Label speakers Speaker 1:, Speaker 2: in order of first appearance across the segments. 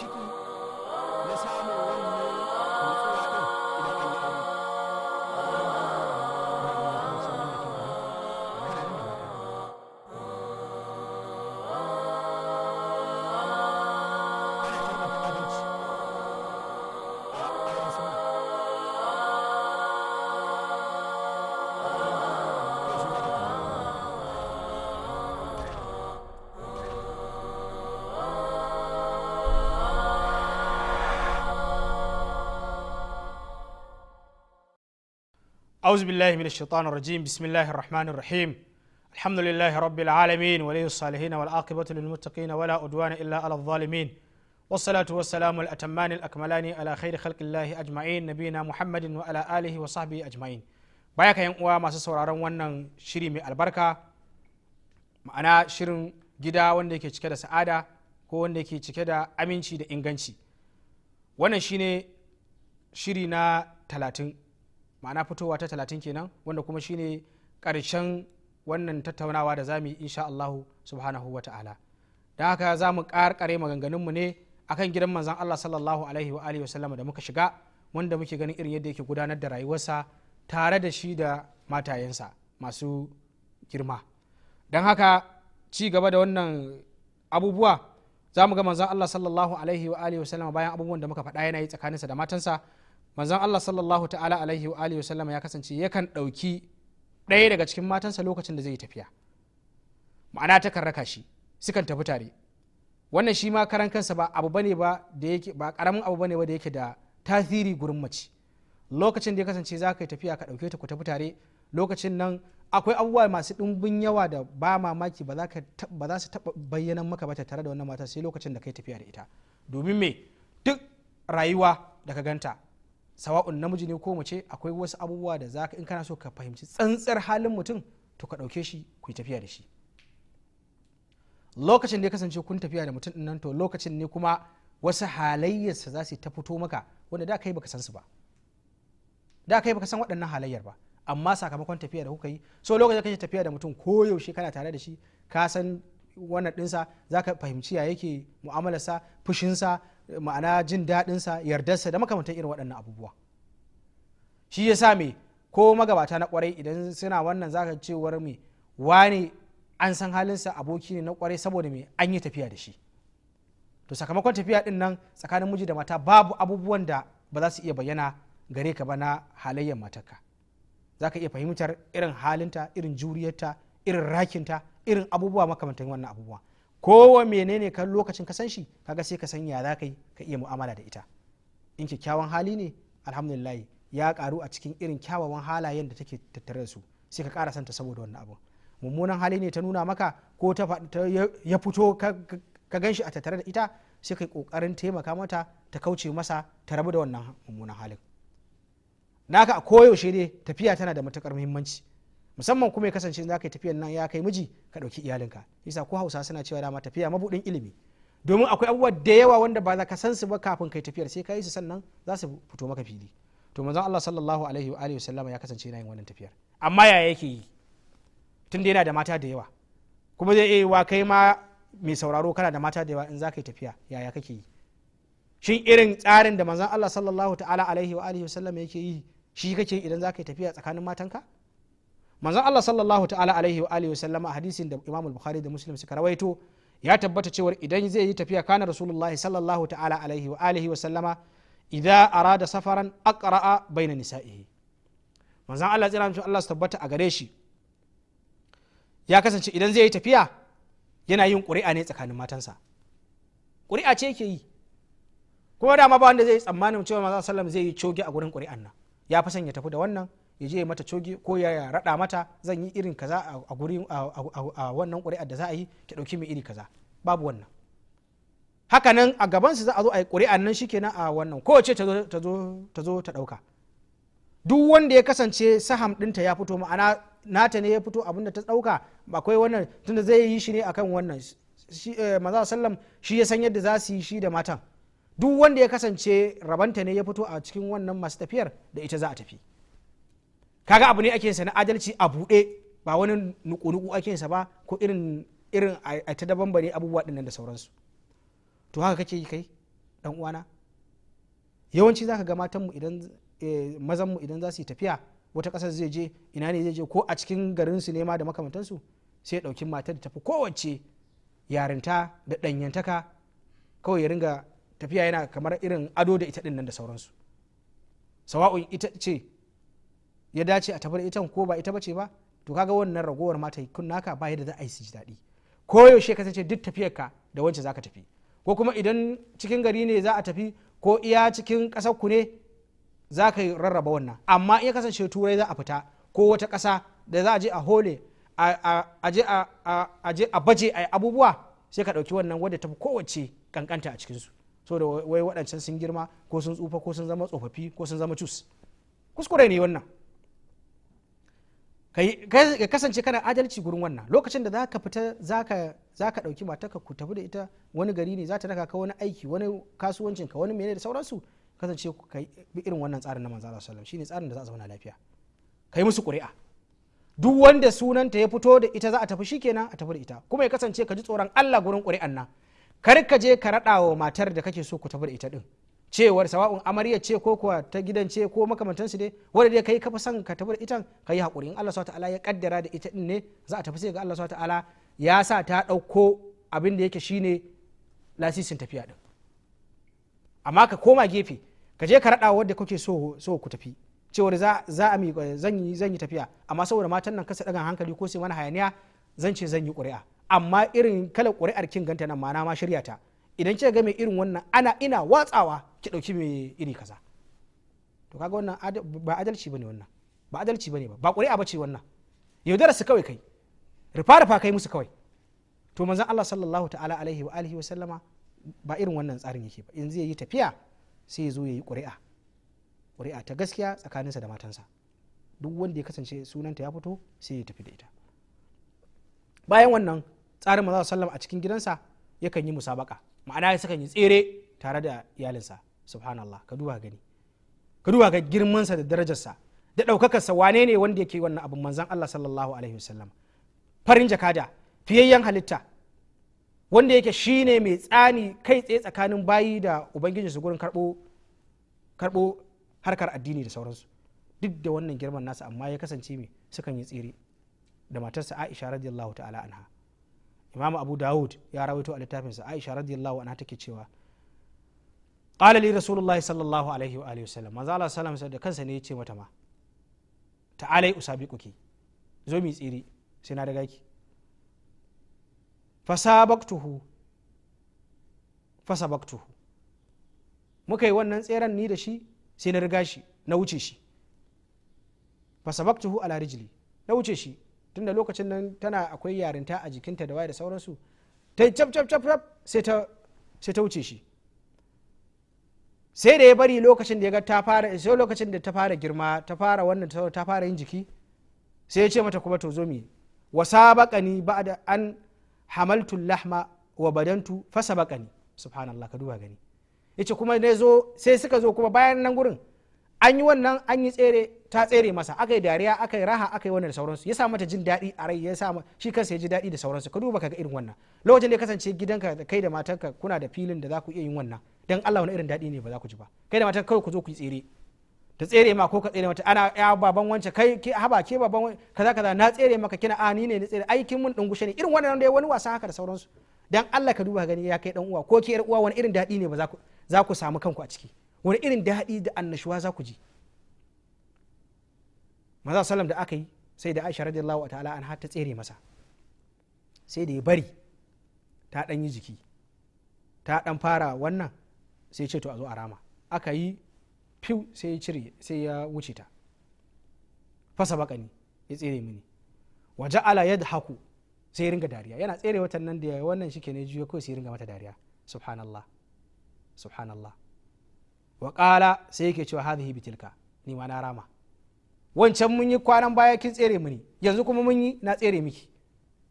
Speaker 1: 마시고 أعوذ بالله من الشيطان الرجيم بسم الله الرحمن الرحيم الحمد لله رب العالمين ولي الصالحين والعاقبة للمتقين ولا أدوان إلا على الظالمين والصلاة والسلام الأتمان الأكملان على خير خلق الله أجمعين نبينا محمد وعلى آله وصحبه أجمعين بياك يا أموا ما سسورارون wannan shiri mai albarka ma'ana shirin gida wanda yake cike da sa'ada ko wanda yake cike da aminci da inganci wannan shine shiri na talatin ma'ana fitowa ta talatin kenan wanda kuma shine karshen wannan tattaunawa da zamu yi insha Allah subhanahu wa ta'ala don haka za mu karkare maganganunmu ne akan gidan manzon Allah sallallahu alaihi wa alihi da muka shiga wanda muke ganin irin yadda yake gudanar da rayuwarsa tare da shi da matayensa masu girma don haka ci gaba da wannan abubuwa za mu ga manzon Allah sallallahu alaihi wa alihi bayan abubuwan da muka faɗa yana yi tsakaninsa da matansa manzon Allah sallallahu ta'ala alaihi wa alihi sallama ya kasance yakan ɗauki ɗaya daga cikin matansa lokacin da zai yi tafiya ma'ana takan raka shi sukan tafi tare wannan shi ma karan kansa ba abu bane ba da yake ba karamin abu bane ba da yake da tasiri gurin mace lokacin da ya kasance za ka yi tafiya ka ɗauke ta ku tafi tare lokacin nan akwai abubuwa masu ɗumbin yawa da ba mamaki ba za su taɓa bayyanan maka ba tare da wannan mata sai lokacin da kai tafiya da ita domin me duk rayuwa da ka ganta sawa'un namiji ne ko mace akwai wasu abubuwa da zaka in kana so ka fahimci tsantsar halin mutum to ka ɗauke shi ku yi tafiya da shi lokacin da ya kasance kun tafiya da mutum nan to lokacin ne kuma wasu halayyarsa za su ta fito maka wanda da kai baka san su ba da kai baka san waɗannan halayyar ba amma sakamakon tafiya da kuka yi so lokacin da kake tafiya da mutum ko yaushe kana tare da shi ka san wannan dinsa za ka fahimci ya yake mu'amalarsa fushinsa ma'ana jin daɗinsa yardarsa da makamantan irin waɗannan abubuwa shi ya sa me ko magabata na kwarai idan suna wannan zaka cewar me wane an san halinsa aboki ne na kwarai saboda me an yi tafiya da shi to sakamakon tafiya din nan tsakanin miji da mata babu abubuwan da ba za su iya bayyana gare ka ba na halayyar matarka za ka iya fahimtar irin halinta irin juriyarta irin rakinta irin abubuwa makamantan wannan abubuwa kowa menene ka lokacin ka san shi kaga sai ka san ya za ka yi ka iya mu'amala da ita in kyakkyawan hali ne alhamdulillah ya karu a cikin irin kyawawan halayen da take tattare da su sai ka kara santa saboda wannan abu mummunan hali ne ta nuna maka ko ta ya fito ka gan shi a tattare da ita sai ka kokarin taimaka mata ta kauce masa ta rabu da wannan mummunan halin naka a koyaushe ne tafiya tana da matukar muhimmanci musamman kuma ya kasance za ka yi tafiyan nan ya kai miji ka ɗauki iyalinka yasa ko hausa suna cewa dama tafiya mabuɗin ilimi domin akwai abubuwa da yawa wanda ba za ka san su ba kafin kai tafiyar sai ka yi su sannan za su fito maka fili to manzon Allah sallallahu alaihi wa alihi ya kasance yana yin wannan tafiyar amma yaya yake yi tun da yana da mata da yawa kuma zai iya wa kai ma mai sauraro kana da mata da yawa in za ka yi tafiya yaya kake yi shin irin tsarin da manzon Allah sallallahu ta'ala alaihi wa alihi yake yi shi kake idan za ka yi tafiya tsakanin matanka manzon Allah sallallahu ta'ala alaihi wa alihi wasallam a hadisin da Imam Bukhari da Muslim suka rawaito ya tabbata cewa idan zai yi tafiya kana Rasulullahi sallallahu ta'ala alaihi wa alihi wasallama idza arada safaran aqra'a baina nisa'ihi manzon Allah tsira mutum Allah su tabbata a gare shi ya kasance idan zai yi tafiya yana yin ƙuri'a ne tsakanin matansa ƙuri'a ce yake yi kuma dama ba wanda zai yi tsammanin cewa manzon sallam zai yi coge a gurin ƙuri'an nan ya fi sanya ya tafi da wannan ya je mata coge ko ya raɗa mata zan yi irin kaza a wannan ƙuri'a da za a yi ki ɗauki mai iri kaza babu wannan haka nan a gaban su za a zo a yi ƙuri'ar nan shikenan a wannan ko ta ta zo ta ɗauka duk wanda ya kasance saham ɗinta ya fito ma'ana nata ne ya fito abin da ta ɗauka akwai wannan tunda zai yi shi ne akan wannan eh, maza sallam shi ya san yadda za su yi shi da matan duk wanda ya kasance rabanta ne ya fito a cikin wannan masu tafiyar da ita za a tafi kaga abu ne ake sa na adalci a buɗe ba wani nuku-nuku ake sa ba ko irin irin a ta daban ne abubuwa dinnan da sauransu to haka kake kai ɗan uwana yawanci zaka ga matan mu idan eh, mazan idan za su yi tafiya wata ƙasar zai je ina ne zai je ko a cikin garin su ne ma da makamantansu sai ɗauki matar da tafi kowace yarinta da ɗanyantaka kawai ya ringa tafiya yana kamar irin ado da ita ɗin nan da sauransu sawa'un ita ce ya dace a tafi da ita ko ba ita bace ba to kaga wannan ragowar mata kun naka ba yadda za a yi su ji daɗi ko yaushe sace duk tafiyar ka da wancan zaka tafi ko kuma idan cikin gari ne za a tafi ko iya cikin ƙasar ku ne za ka rarraba wannan amma iya kasance turai za a fita ko wata ƙasa da za a je a hole a je a baje a abubuwa sai ka ɗauki wannan wadda tafi kowace kankanta a cikinsu so da wai waɗancan sun girma ko sun tsufa ko sun zama tsofaffi ko sun zama cus kuskure ne wannan ka kasance kana adalci gurin wannan lokacin da zaka fita zaka zaka dauki matarka ku tafi da ita wani gari ne za ta raka ka wani aiki wani kasuwancin ka wani menene da sauransu kasance ka bi irin wannan tsarin na manzo sallallahu shine tsarin da za a zauna lafiya kai musu ƙuri'a duk wanda sunanta ya fito da ita za a tafi shikenan a tafi da ita kuma ya kasance ka ji tsoron Allah gurin ƙuri'an nan kar ka je ka raɗa wa matar da kake so ku tafi da ita din cewar sawa'un amarya ce ko kuwa ta gidan ce ko makamantansu dai wanda dai kai kafa san ka tafi da ita ka yi haƙuri in Allah subhanahu ta'ala ya kaddara da ita din ne za a tafi sai ga Allah subhanahu ta'ala ya sa ta ɗauko abin da yake shine lasisin tafiya din amma ka koma gefe ka je ka raɗa wadda kuke so so ku tafi cewar za za a mi zan yi zan yi tafiya amma saboda matan nan kasa dagan hankali ko sai wani hayaniya zan ce zan yi ƙuri'a amma irin kalar ƙuri'ar kin ganta nan ma na ma shirya ta idan kika ga mai irin wannan ana ina watsawa ki dauki mai iri kaza to kaga wannan ba adalci bane wannan ba adalci bane ba ba ƙuri'a bace wannan yaudara su kawai kai rufa rufa kai musu kawai to manzon Allah sallallahu ta'ala alaihi wa alihi wa sallama ba irin wannan tsarin yake ba in zai yi tafiya sai ya zo ya yi ƙuri'a ƙuri'a ta gaskiya tsakaninsa da matansa duk wanda ya kasance sunanta ya fito sai ya tafi da ita bayan wannan tsarin manzon sallama a cikin gidansa yakan yi musabaka ma'ana ya sukan yi tsere tare da iyalinsa subhanallah ka duba gani ka duba ga girmansa da darajarsa da ɗaukakarsa wane ne wanda yake wannan abin manzan Allah sallallahu alaihi wasallam farin jakada fiyayyen halitta wanda yake shi ne mai tsani kai tsaye tsakanin bayi da ubangiji su gurin karbo harkar addini da sauransu duk da wannan girman nasa amma ya kasance mai sukan yi tsiri da matarsa aisha radiyallahu ta'ala anha imam abu dawud ya rawaito a littafinsa aisha radiyallahu anha take cewa qala li rasulullahi sallallahu alaihi wa wa wasallam maza ala salam alaihi da kansa ne ya ce mata ma ta alai ta'alai kuke zo mi tsiri sai na daga ki fasabaqtuhu fasabaqtuhu muka yi wannan tseren ni da shi sai na riga shi na wuce shi fasa fasabaqtuhu ala rijli na wuce shi tunda lokacin nan tana akwai yarinta a jikinta da waye da sauransu ta yi cap cap cap sai ta wuce shi sai da ya bari lokacin da ya ga ta fara sai lokacin da ta fara girma ta fara wannan ta fara yin jiki sai ya ce mata kuma to zo mi wa sabaqani ba'da an hamaltu lahma wa badantu fa sabaqani subhanallah ka duba gani yace kuma ne zo sai suka zo kuma bayan nan gurin an yi wannan an yi tsere ta tsere masa aka yi dariya aka yi raha aka yi wannan da sauransu ya sa mata jin daɗi a rai ya sa shi kansa ya ji daɗi da sauransu ka duba kaga irin wannan lokacin da ya kasance gidanka da kai da matarka kuna da filin da za ku iya yin wannan dan Allah wani irin daɗi ne ba za ku ji ba kai da matan kawai ku zo ku yi tsere ta tsere ma ko ka tsere mata ana ya baban wancan kai ke haba ke baban kaza kaza na tsere maka kina a ni ne ni tsere aikin mun dungushe ne irin wannan da wani wasa haka da sauransu dan Allah ka duba gani ya kai dan uwa ko ki yar uwa wani irin daɗi ne ba za ku za ku samu kanku a ciki wani irin daɗi da annashuwa za ku ji maza sallam da aka yi sai da aisha radiyallahu ta'ala an ta tsere masa sai da ya bari ta dan yi jiki ta dan fara wannan sai ce to a zo a rama aka yi fiw sai ya cire sai ya wuce ta fasa bakani ya tsere mini wa ja'ala yadhaku sai ya ringa dariya yana tsere watan nan da wannan shike ne juya kawai sai ya ringa mata dariya subhanallah subhanallah wa qala sai yake cewa hadhihi bitilka ni ma na rama wancan mun yi kwanan baya kin tsere mini yanzu kuma mun yi na tsere miki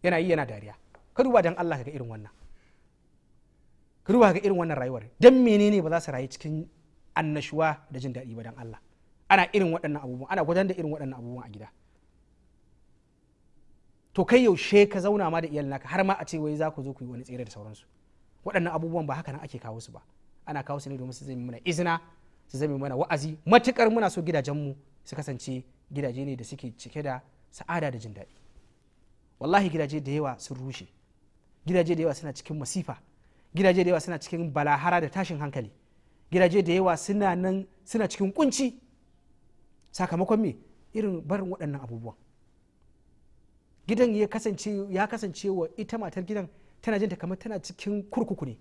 Speaker 1: yana yi yana dariya ka duba dan Allah ga irin wannan ka duba ga irin wannan rayuwar dan menene ba za su rayu cikin annashuwa da jin daɗi ba dan Allah ana irin waɗannan abubuwan ana gudanar da irin waɗannan abubuwan a gida to kai yaushe ka zauna ma da iyalin naka har ma a ce wai za ku zo ku yi wani tsere da sauransu waɗannan abubuwan ba haka nan ake kawo su ba ana kawo su ne domin su zame mana izina su zame mana wa'azi matukar muna so gidajenmu su kasance gidaje ne da suke cike da sa'ada da jin daɗi wallahi gidaje da yawa sun rushe gidaje da yawa suna cikin masifa gidaje da yawa suna cikin balahara da tashin hankali gidaje da yawa suna nan suna cikin kunci sakamakon me irin barin waɗannan abubuwan gidan ya kasance ya kasance wa ita matar gidan tana jinta kamar tana cikin kurkuku ne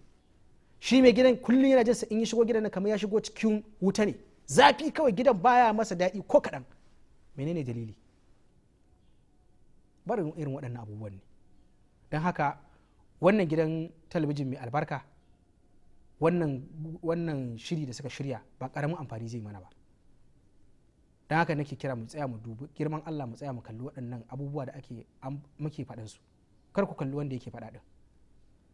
Speaker 1: shi mai gidan kullum yana jinsa in ya shigo gidan kamar ya shigo cikin wuta ne zafi kawai gidan baya masa daɗi ko kaɗan menene dalili barin irin waɗannan abubuwan ne don haka wannan gidan talabijin mai albarka wannan shiri da suka shirya ba ƙaramin amfani zai mana ba don haka nake kira mu tsaya mu dubi girman allah mu tsaya mu kalli waɗannan abubuwa da ake muke faɗin su kar ku kalli wanda yake faɗaɗin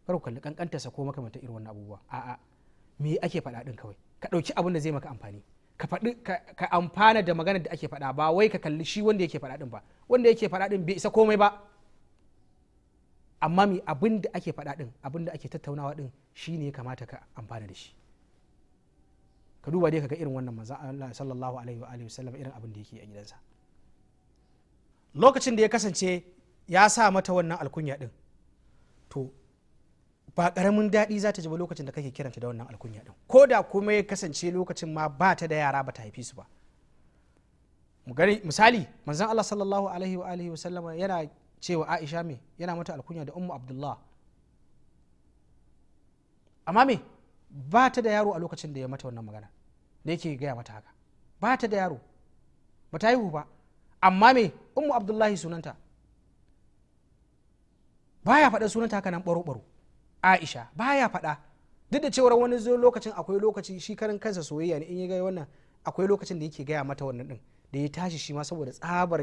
Speaker 1: kar ku kalli sa ko makamanta irin wannan abubuwa a'a me ake faɗaɗin kawai ka ɗauki abin da zai maka amfani ka faɗi ka amfana da magana da ake faɗa ba wai ka kalli shi wanda yake faɗaɗin ba wanda yake faɗa bai isa komai ba amma mi abin da ake faɗaɗin abin da ake tattaunawa din ne ya kamata ka amfana da shi ka duba dai kaga irin wannan manzon Allah sallallahu alaihi wa alihi wasallam irin abin da yake a gidansa lokacin da ya kasance ya sa mata wannan alkunya din to ba karamin daɗi za ta ji ba lokacin da kake kiranta da wannan alkunya din ko da kuma ya kasance lokacin ma ba ta da yara ba ta haifi su ba misali manzan Allah sallallahu alaihi wa alihi wa sallama yana cewa Aisha me yana mata alkunya da Ummu Abdullah amma me ba ta da yaro a lokacin da ya mata wannan magana da yake gaya mata haka ba ta da yaro ba ta haihu ba amma me Ummu Abdullahi sunanta baya faɗa sunanta haka nan baro baro aisha baya faɗa duk da cewar wani zo lokacin akwai lokaci shi karin kansa soyayya ne in ya gaya wannan akwai lokacin da yake gaya mata wannan din da ya tashi shi ma saboda tsabar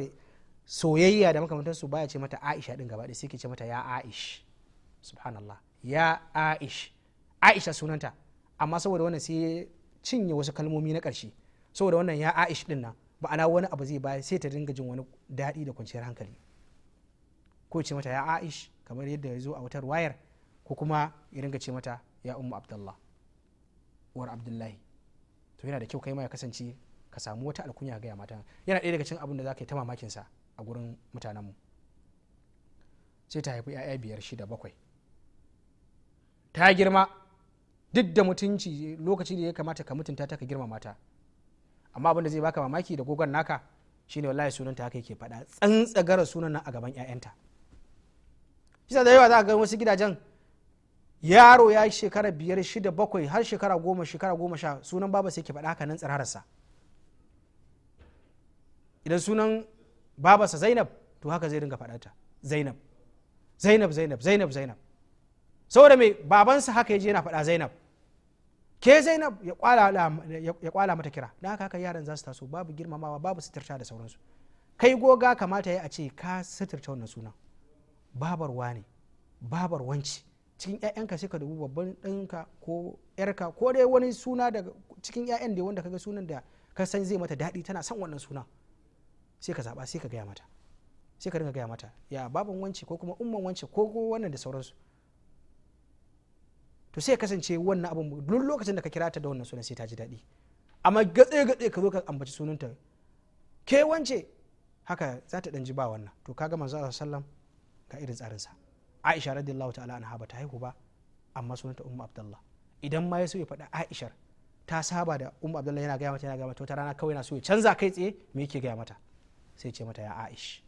Speaker 1: soyayya da makamantar su baya ce mata aisha din gaba sai ke ce mata ya aish subhanallah ya aish aisha sunanta amma saboda wannan sai cinye wasu kalmomi na ƙarshe saboda wannan ya aish din nan ba'ana wani abu zai baya sai ta dinga jin wani daɗi da kwanciyar hankali ko ce mata ya aish kamar yadda ya zo a wutar wayar ko kuma ya ringa ce mata ya ummu abdullah uwar abdullahi to yana da kyau kai ma ya kasance ka samu wata alkunya gaya mata yana ɗaya daga cikin abin da za ka yi ta mamakin sa a gurin mutanen mu sai ta haifi 'ya'ya biyar shida bakwai ta girma duk da mutunci lokaci da ya kamata ka mutunta ta ka girma mata amma abin da zai baka mamaki da gogon naka shine wallahi sunan ta haka yake faɗa tsantsagara sunan nan a gaban 'ya'yanta shi da yawa za ka ga wasu gidajen yaro ya yi shekara biyar shida bakwai har shekara goma shekara goma sha sunan baba sai ke faɗa haka nan tsirararsa idan sunan babasa zainab to haka zai dinga faɗata zainab zainab zainab zainab zainab saboda mai babansa haka ya je yana faɗa zainab ke zainab ya kwala mata kira da haka yaran za su taso babu girmamawa babu suturta da sauransu kai goga kamata ya a ce ka suturta wannan sunan babarwa ne babar wanci cikin 'ya'yanka sai ka dubu babban ɗinka ko 'yarka ko dai wani suna daga cikin 'ya'yan da wanda kaga sunan da ka san zai mata daɗi tana son wannan suna sai ka zaɓa sai ka gaya mata sai ka dinga gaya mata ya baban wance ko kuma umman wance ko ko wannan da sauransu to sai kasance wannan abin duk lokacin da ka kira ta da wannan sunan sai ta ji daɗi amma gatse gatse ka zo ka ambaci sunanta ke wance haka za ta ɗan ji ba wannan to kaga manzo sallam ga irin tsarinsa aisha radiyallahu ta'ala anha ta haihu ba amma sunanta ummu abdullah idan ma ya so ya faɗa aisha ta saba da ummu abdullah yana gaya mata yana gaya mata wata rana kawai na so ya canza kai tsaye me yake gaya mata sai ce mata ya aish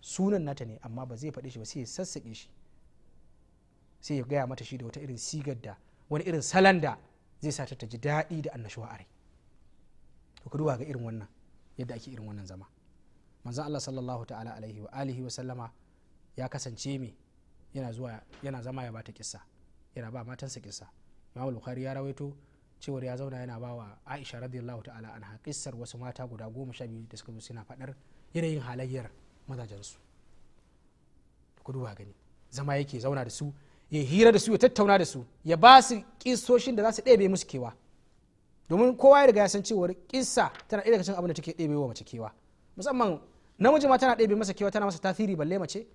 Speaker 1: sunan nata ne amma ba zai faɗe shi ba sai ya sassake shi sai ya gaya mata shi da wata irin sigar da wani irin salan da zai sa ta ji daɗi da annashuwa rai to ka duba ga irin wannan yadda ake irin wannan zama manzon Allah sallallahu ta'ala alaihi wa alihi wa sallama ya kasance mai yana zuwa yana zama ya bata kissa yana ba matansa kissa imamu bukhari ya rawaito cewar ya zauna yana ba wa aisha radiyallahu ta'ala anha kissar wasu mata guda goma sha biyu da suka zo suna faɗar yanayin halayyar mazajensu ku duba gani zama yake zauna da su ya hira da su ya tattauna da su ya ba su kissoshin da za su ɗebe musu kewa domin kowa ya riga ya san cewar kissa tana ɗaya daga cikin abin da take ɗebe wa mace kewa musamman namiji ma tana ɗebe masa kewa tana masa tasiri balle mace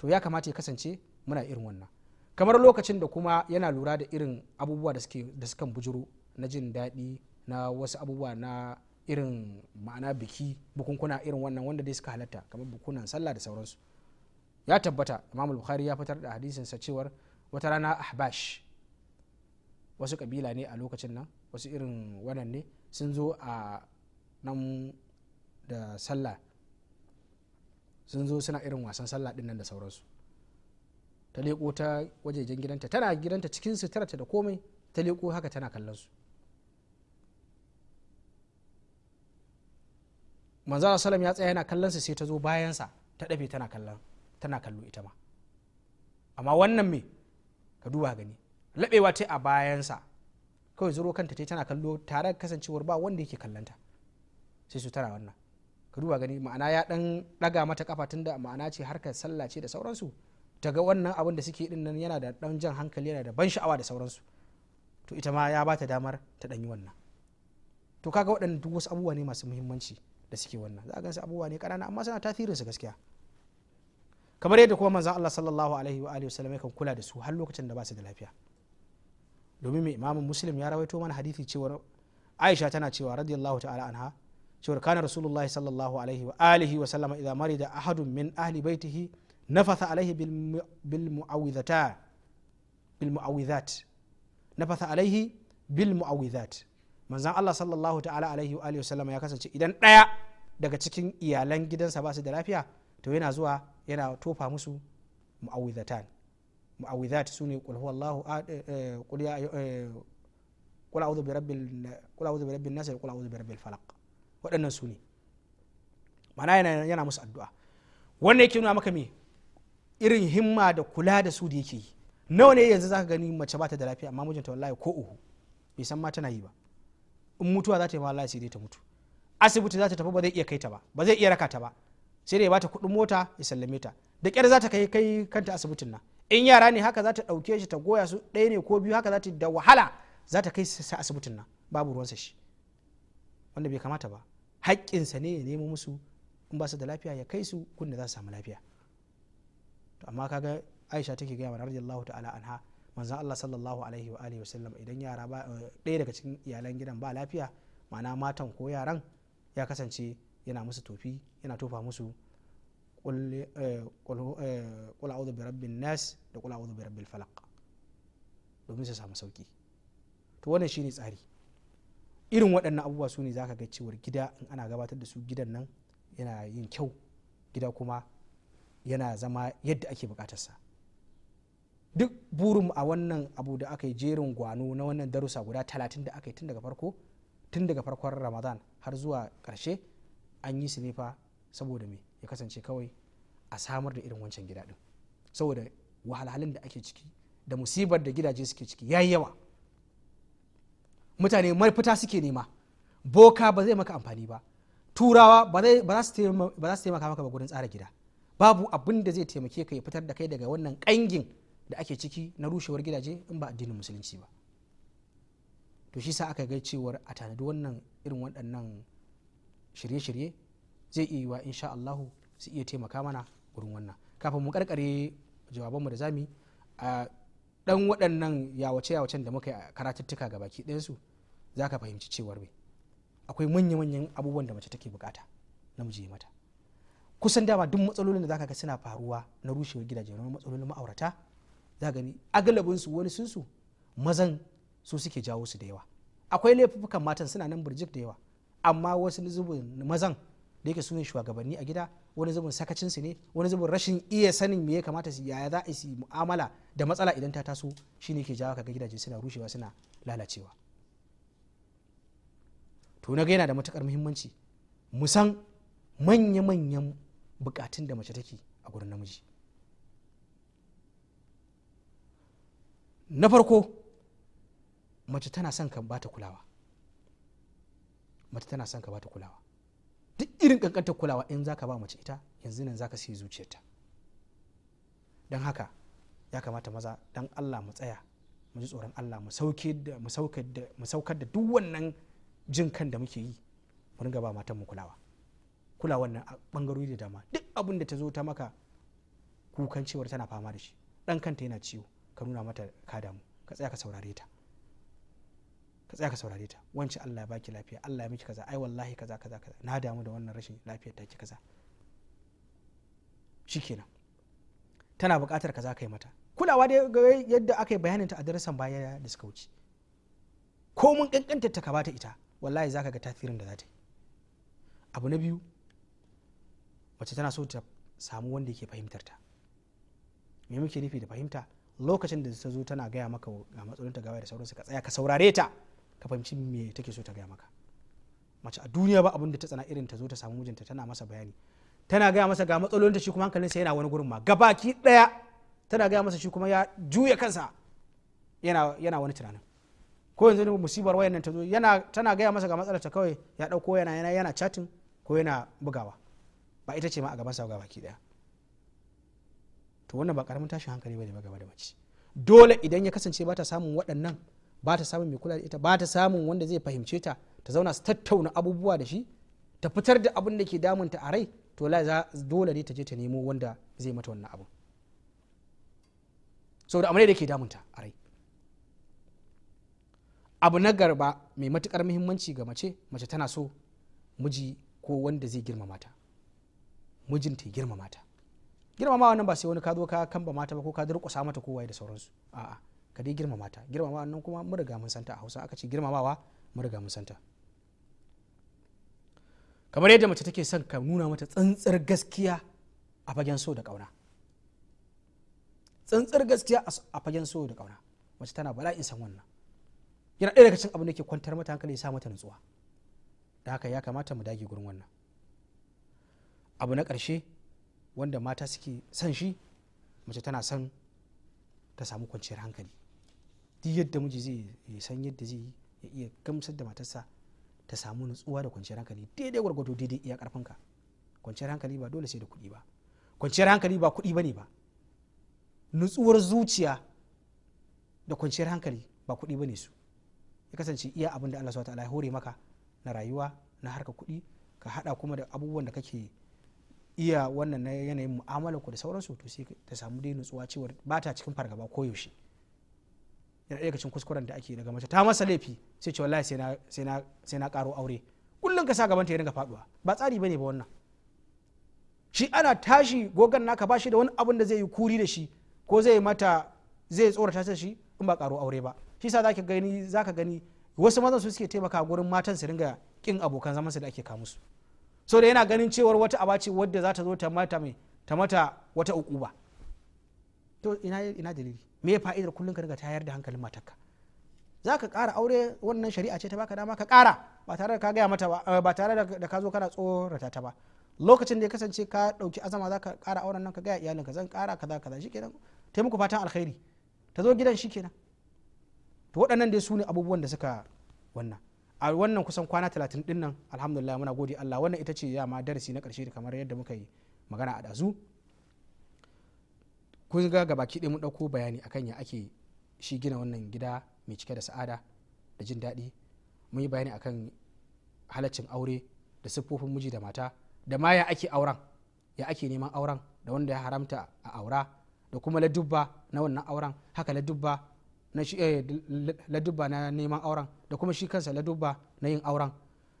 Speaker 1: to ya kamata ya kasance muna irin wannan kamar lokacin da kuma yana lura da irin abubuwa da suka sukan bujuro na jin daɗi na wasu abubuwa na irin ma'ana biki bukunkuna irin wannan wanda dai suka halatta kamar bukunan sallah da sauransu ya tabbata imamul bukhari ya fitar da hadisin sa cewar wata rana ahbash wasu kabila ne a lokacin nan wasu irin wannan ne sun zo a nan da sallah sun zo suna irin wasan sallah din nan da sauransu ta leko ta wajejen gidanta tana gidanta cikin ta da komai ta leko haka tana kallon su manzara sallam ya tsaya yana kallon su sai ta zo bayan sa ta dafe tana kallon tana kallo ita ma amma wannan me ka duba gani labewa ta a bayan sa kawai zuro kanta ta tana kallo tare kasancewar ba wanda yake kallanta sai su tara wannan ka duba gani ma'ana ya dan daga mata kafa tunda ma'ana ce harkar sallah ce da sauransu ta ga wannan abin da suke din nan yana da dan jan hankali yana da ban sha'awa da sauransu to ita ma ya bata damar ta dan yi wannan to kaga waɗannan duk wasu abubuwa ne masu muhimmanci da suke wannan za a gansu abubuwa ne ƙanana amma suna tasirin su gaskiya kamar yadda kuma manzon Allah sallallahu alaihi wa alihi wasallam yakan kula da su har lokacin da ba su da lafiya domin mai imamin muslim ya rawaito mana hadisi cewa Aisha tana cewa radiyallahu ta'ala anha cewar kana rasulullahi sallallahu alaihi wa alihi wa sallama idza marida ahadun min ahli baitihi nafatha alaihi bil muawwidhata bil muawwidhat nafatha alaihi bil muawwidhat manzon Allah sallallahu ta'ala alaihi wa alihi wa sallama ya kasance idan daya daga cikin iyalan gidansa ba su da lafiya to yana zuwa yana tofa musu mu'awwidhatan mu'awwidhat sune qul huwallahu eh, eh, qul ya eh, qul a'udhu bi rabbil qul a'udhu bi rabbin nas qul a'udhu bi rabbil falaq waɗannan su ne mana yana musu addu'a wannan yake nuna maka me irin himma da kula da su da yake yi nawa ne yanzu zaka gani mace ba ta da lafiya amma mijinta wallahi ko uhu bai san ma tana yi ba in mutuwa za ta yi wallahi sai dai ta mutu asibiti za ta tafi ba zai iya kai ta ba ba zai iya raka ta ba sai dai ya bata kuɗin mota ya sallame ta da kyar za ta kai kai kanta asibitin nan in yara ne haka za ta ɗauke shi ta goya su ɗaya ne ko biyu haka za ta da wahala za ta kai sa asibitin nan babu ruwan sa shi wanda bai kamata ba haƙƙinsa ne ya nemo musu in ba su da lafiya ya kai su kunna za su samu lafiya to amma kaga aisha take gaya mana radiyallahu ta'ala anha manzon Allah sallallahu alaihi wa alihi wasallam idan yara ba eh, ɗaya daga cikin iyalan gidan ba lafiya ma'ana matan ko yaran ya kasance yana musu tofi yana tofa musu qul eh, eh, a'udhu bi rabbin nas da qul a'udhu bi rabbil falaq domin su samu sauki to wannan shine tsari irin waɗannan abubuwa su ne za ka ga cewar gida in ana gabatar da su gidan nan yana yin kyau gida kuma yana zama yadda ake bukatarsa duk burin a wannan abu da aka yi jerin gwano na wannan darussa guda talatin da aka yi tun daga farko tun daga farkon ramadan har zuwa karshe an yi su nefa saboda me ya kasance kawai a samar da irin wancan gida din saboda wahalhalun da ake ciki da musibar da gidaje suke ciki yayi yawa mutane marfita suke nema boka ba zai maka amfani ba turawa ba za su taimaka maka ba gurin tsara gida babu abin da zai taimake ka ya fitar da kai daga wannan kangin da ake ciki na rushewar gidaje in ba addinin musulunci ba to shi sa aka ga cewar a tanadi wannan irin waɗannan shirye-shirye zai iya yiwa insha Allahu su iya taimaka mana gurin wannan kafin mu karkare jawabanmu da zami a dan waɗannan yawace-yawacen da muka yi a karatuttuka ga baki su. za ka fahimci cewar me akwai manya-manyan abubuwan da mace take bukata namiji mata kusan dama duk matsalolin da za ka ga suna faruwa na rushewar gidaje na matsalolin ma'aurata za gani agalabin su wani sun su mazan su suke jawo su da yawa akwai laifukan matan suna nan burjik da yawa amma wasu zubin mazan da yake sune shugabanni a gida wani zubin sakacin su ne wani zubin rashin iya sanin me ya kamata su yaya za a yi mu'amala da matsala idan ta taso shine ke jawo ka ga gidaje suna rushewa suna lalacewa to na ga yana da matukar muhimmanci mu san manya-manyan bukatun da mace take a gurin namiji na farko mace tana son ka bata kulawa mace tana son ka bata kulawa duk irin kankantar kulawa in zaka ba mace ita yanzu nan zaka sai zuciyarta don haka ya kamata maza dan Allah mu tsaya mu ji tsoron Allah mu saukar da duk wannan jin kan da muke yi mu ringa ba matan mu kulawa kula nan bangarori da dama duk abin da ta zo ta maka kukan cewar tana fama da shi dan kanta yana ciwo ka nuna mata ka damu ka tsaya ka saurare ta ka tsaya ka saurare ta wance Allah ya baki lafiya Allah ya miki kaza ai wallahi kaza kaza kaza na damu da wannan rashin lafiyar ta ki kaza shikenan tana bukatar kaza kai mata kulawa da yadda aka yi bayanin ta a darasan baya da suka wuce ko mun kankanta ta ka bata ita wallahi za ka ga tasirin da za ta yi abu na biyu mace tana so ta samu wanda yake fahimtar ta me muke nufi da fahimta lokacin da ta zo tana gaya maka ga matsalolin ta da sauransu ka tsaya ka saurare ta ka fahimci me take so ta gaya maka mace a duniya ba abin da ta tsana irin ta zo ta samu mijinta tana masa bayani tana gaya masa ga matsalolin ta shi kuma hankalinsa yana wani gurin ma gabaki daya tana gaya masa shi kuma ya juya kansa yana wani tunanin ko yanzu ne musibar wayan nan ta zo yana tana gaya masa ga matsalar ta kawai ya dauko yana yana yana chatting ko yana bugawa ba ita ce ma a gaban sa gaba ki daya to wannan ba karamin tashin hankali bane ba gaba da mace dole idan ya kasance ba ta samun waɗannan ba ta samun mai kula da ita ba ta samun wanda zai fahimce ta ta zauna su tattauna abubuwa da shi ta fitar da abin da ke damunta a rai to la dole ne ta je ta nemo wanda zai mata wannan abu saboda ne da ke damunta a rai abu na garba mai matukar muhimmanci ga mace mace tana so miji ko wanda zai girmama ta mijinta ya girmama ta girmama wannan ba sai wani ka zo ka kamba mata ba ko ka durƙusa mata kowa da sauransu a'a ka dai girmama ta girmama wannan kuma mun riga mun santa a Hausa aka ce girmamawa mun riga mun santa kamar yadda mace take son ka nuna mata tsantsar gaskiya a fagen so da kauna tsantsar gaskiya a fagen so da kauna mace tana bala'in san wannan yana ɗaya daga cikin abin da ke kwantar mata hankali ya sa mata nutsuwa da haka ya kamata mu dage gurin wannan abu na ƙarshe wanda mata suke son shi mace tana son ta samu kwanciyar hankali duk yadda miji zai san yadda zai ya iya gamsar da matarsa ta samu nutsuwa da kwanciyar hankali daidai gwargwado daidai iya karfinka kwanciyar hankali ba dole sai da kuɗi ba kwanciyar hankali ba kuɗi ba ne ba nutsuwar zuciya da kwanciyar hankali ba kuɗi ba ne su ya kasance iya abin da Allah SWT ya hore maka na rayuwa na harka kuɗi ka hada kuma da abubuwan da kake iya wannan na yanayin mu'amalar ku da sauransu to sai ta samu dai nutsuwa cewa ba ta cikin fargaba ko yaushe yana ɗaya cikin kuskuren da ake daga mace ta masa laifi sai ce wallahi sai na karo aure kullum ka sa gaban ta ya ringa faduwa ba tsari bane ba wannan shi ana tashi gogan naka ba shi da wani abin da zai yi kuri da shi ko zai mata zai tsorata shi in ba karo aure ba shi sa ka gani ka gani wasu mazan su suke taimaka gurin matan su ringa kin abokan zaman su da ake kamusu so da yana ganin cewar wata aba ce wadda za ta zo ta mata mai ta mata wata ukuba to ina ina dalili me fa'idar kullun ka ringa tayar da hankalin matarka za ka ƙara aure wannan shari'a ce ta baka dama ka kara ba tare da ka gaya mata ba eh, ba tare da ka zo kana tsorata ta ba lokacin da ya kasance ka ɗauki azama za ka ƙara auren nan ka gaya iyalinka zan ƙara kaza kaza shikenan taimako fatan alkhairi ta zo gidan shikenan to waɗannan dai su ne abubuwan da suka wannan a wannan kusan kwana talatin din nan alhamdulillah muna gode Allah wannan ita ce ma darasi na ƙarshe kamar yadda muka yi magana a ɗazu kun ga gabaki ɗaya mun ɗauko bayani akan ya ake shi gina wannan gida mai cike da sa'ada da jin daɗi mun yi bayani akan halaccin aure da siffofin miji da mata da ma ya ake auren ya ake neman auren da wanda ya haramta a aura da kuma ladubba na wannan auren haka ladubba na shi eh, ladubba na neman auren da kuma shi kansa ladubba na yin auren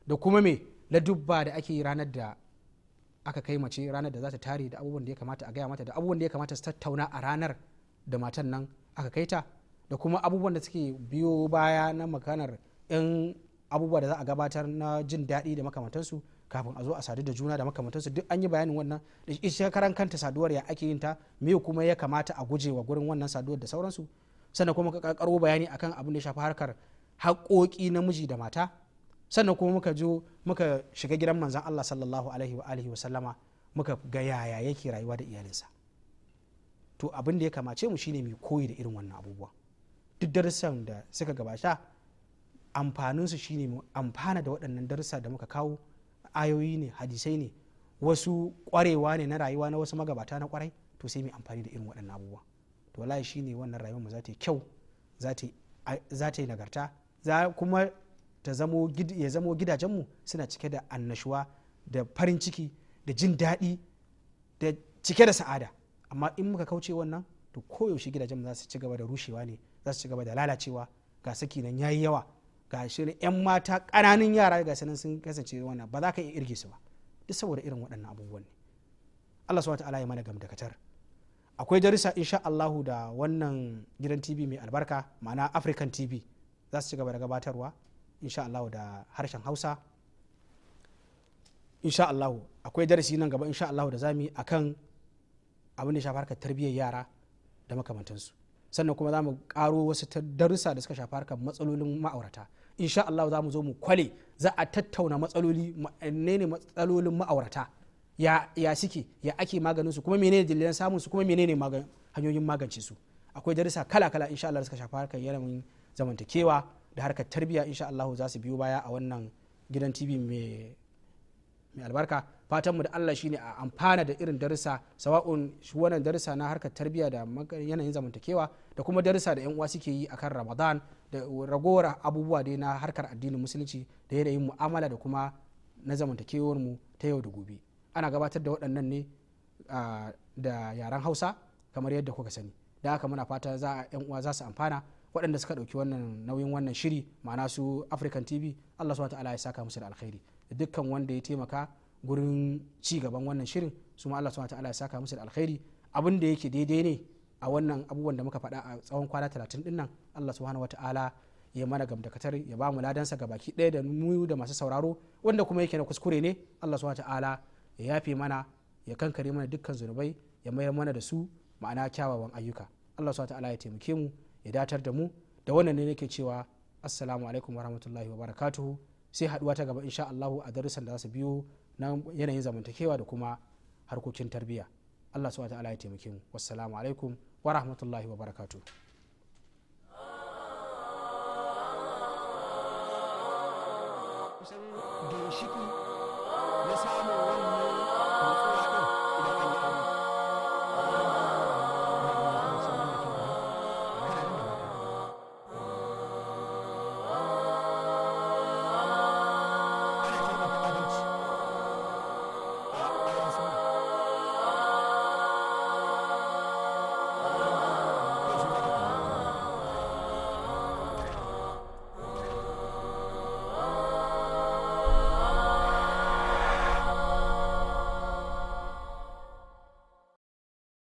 Speaker 1: da kuma me ladubba da ake yi ranar da aka kai mace ranar da za ta tare da abubuwan da ya kamata a gaya mata da abubuwan da ya kamata su tattauna a ranar da matan nan aka kai ta da kuma abubuwan da suke biyo baya na makanar 'yan abubuwa da za a gabatar na jin daɗi da makamantansu kafin a zo a sadu da juna da makamantansu duk an yi bayanin wannan da ita karan kanta saduwar ya ake yin ta me kuma ya kamata a guje wa gurin wannan saduwar da sauransu sannan kuma muka karo bayani akan abin da shafi harkar haƙoƙi na miji da mata sannan kuma muka jo muka shiga gidan manzan Allah sallallahu alaihi wa alihi wa sallama muka ga yaya yake rayuwa da iyalinsa to abin da ya kamace mu shine mai koyi da irin wannan abubuwa duk darussan da suka gabata amfanin su shine mu amfana da waɗannan darussa da muka kawo ayoyi ne hadisai ne wasu ƙwarewa ne na rayuwa na wasu magabata na ƙwarai to sai mu amfani da irin waɗannan abubuwa to wallahi shine wannan rayuwar mu za ta yi kyau za ta yi nagarta za kuma ta zamo ya zamo gidajen mu suna cike da annashuwa da farin ciki da jin daɗi da cike da sa'ada amma in muka kauce wannan to koyaushe gidajen za su ci gaba da rushewa ne za su ci gaba da lalacewa ga saki nan yayi yawa ga ne yan mata ƙananun yara ga sanin sun kasance wannan ba za ka iya irge su ba duk saboda irin waɗannan abubuwan ne Allah subhanahu wa ta'ala ya mana gamdakatar akwai darisa insha Allahu da wannan gidan tv mai albarka ma'ana african tv za su ci gaba da gabatarwa insha Allahu da harshen hausa insha Allahu akwai darasi nan gaba insha Allahu da zamu yi akan abin da shafi harkar tarbiyyar yara da makamantansu sannan kuma zamu mu karo wasu darussa da suka shafi harkar matsalolin ma'aurata insha allahu za zo mu kwale za a tattauna matsaloli ne matsalolin ma'aurata ya ya suke ya ake maganin su kuma menene dalilan samun su kuma menene hanyoyin magance su akwai darussa kala kala insha Allah suka shafi harkar yanayin zamantakewa da harkar tarbiyya insha Allah za su biyo baya a wannan gidan TV mai albarka fatan mu da Allah shine a amfana da irin darussa sawa'un shi wannan darussa na harkar tarbiyya da yanayin zamantakewa da kuma darussa da yan uwa suke yi akan Ramadan da ragowar abubuwa dai na harkar addinin musulunci da yanayin mu'amala da kuma na zamantakewar mu ta yau da gobe ana gabatar da waɗannan ne da yaren hausa kamar yadda kuka sani da haka muna fata za a yan uwa za su amfana waɗanda suka ɗauki wannan nauyin wannan shiri ma'ana su african tv allah subhanahu ta'ala ya saka musu da alkhairi dukkan wanda ya taimaka gurin ci gaban wannan shirin su ma allah subhanahu ta'ala ya saka musu da alkhairi abin da yake daidai ne a wannan abubuwan da muka faɗa a tsawon kwana talatin dinnan nan allah subhanahu ta'ala ya mana gamdakatar ya ba mu ladansa ga baki ɗaya da mu da masu sauraro wanda kuma yake na kuskure ne allah subhanahu ta'ala ya yafe mana ya kankare mana dukkan zunubai ya mayar mana da su ma'ana kyawawan ayyuka allah swt ya taimake mu ya datar da mu da wannan ne nake cewa assalamu alaikum warahmatullahi wabarakatuh sai haduwa ta gaba insha allahu a darussan da za su biyo na yanayin zamantakewa da kuma harkokin tarbiyya allah swt ya taimake mu wassalamu alaikum warahmatullahi wabarakatuh Thank you.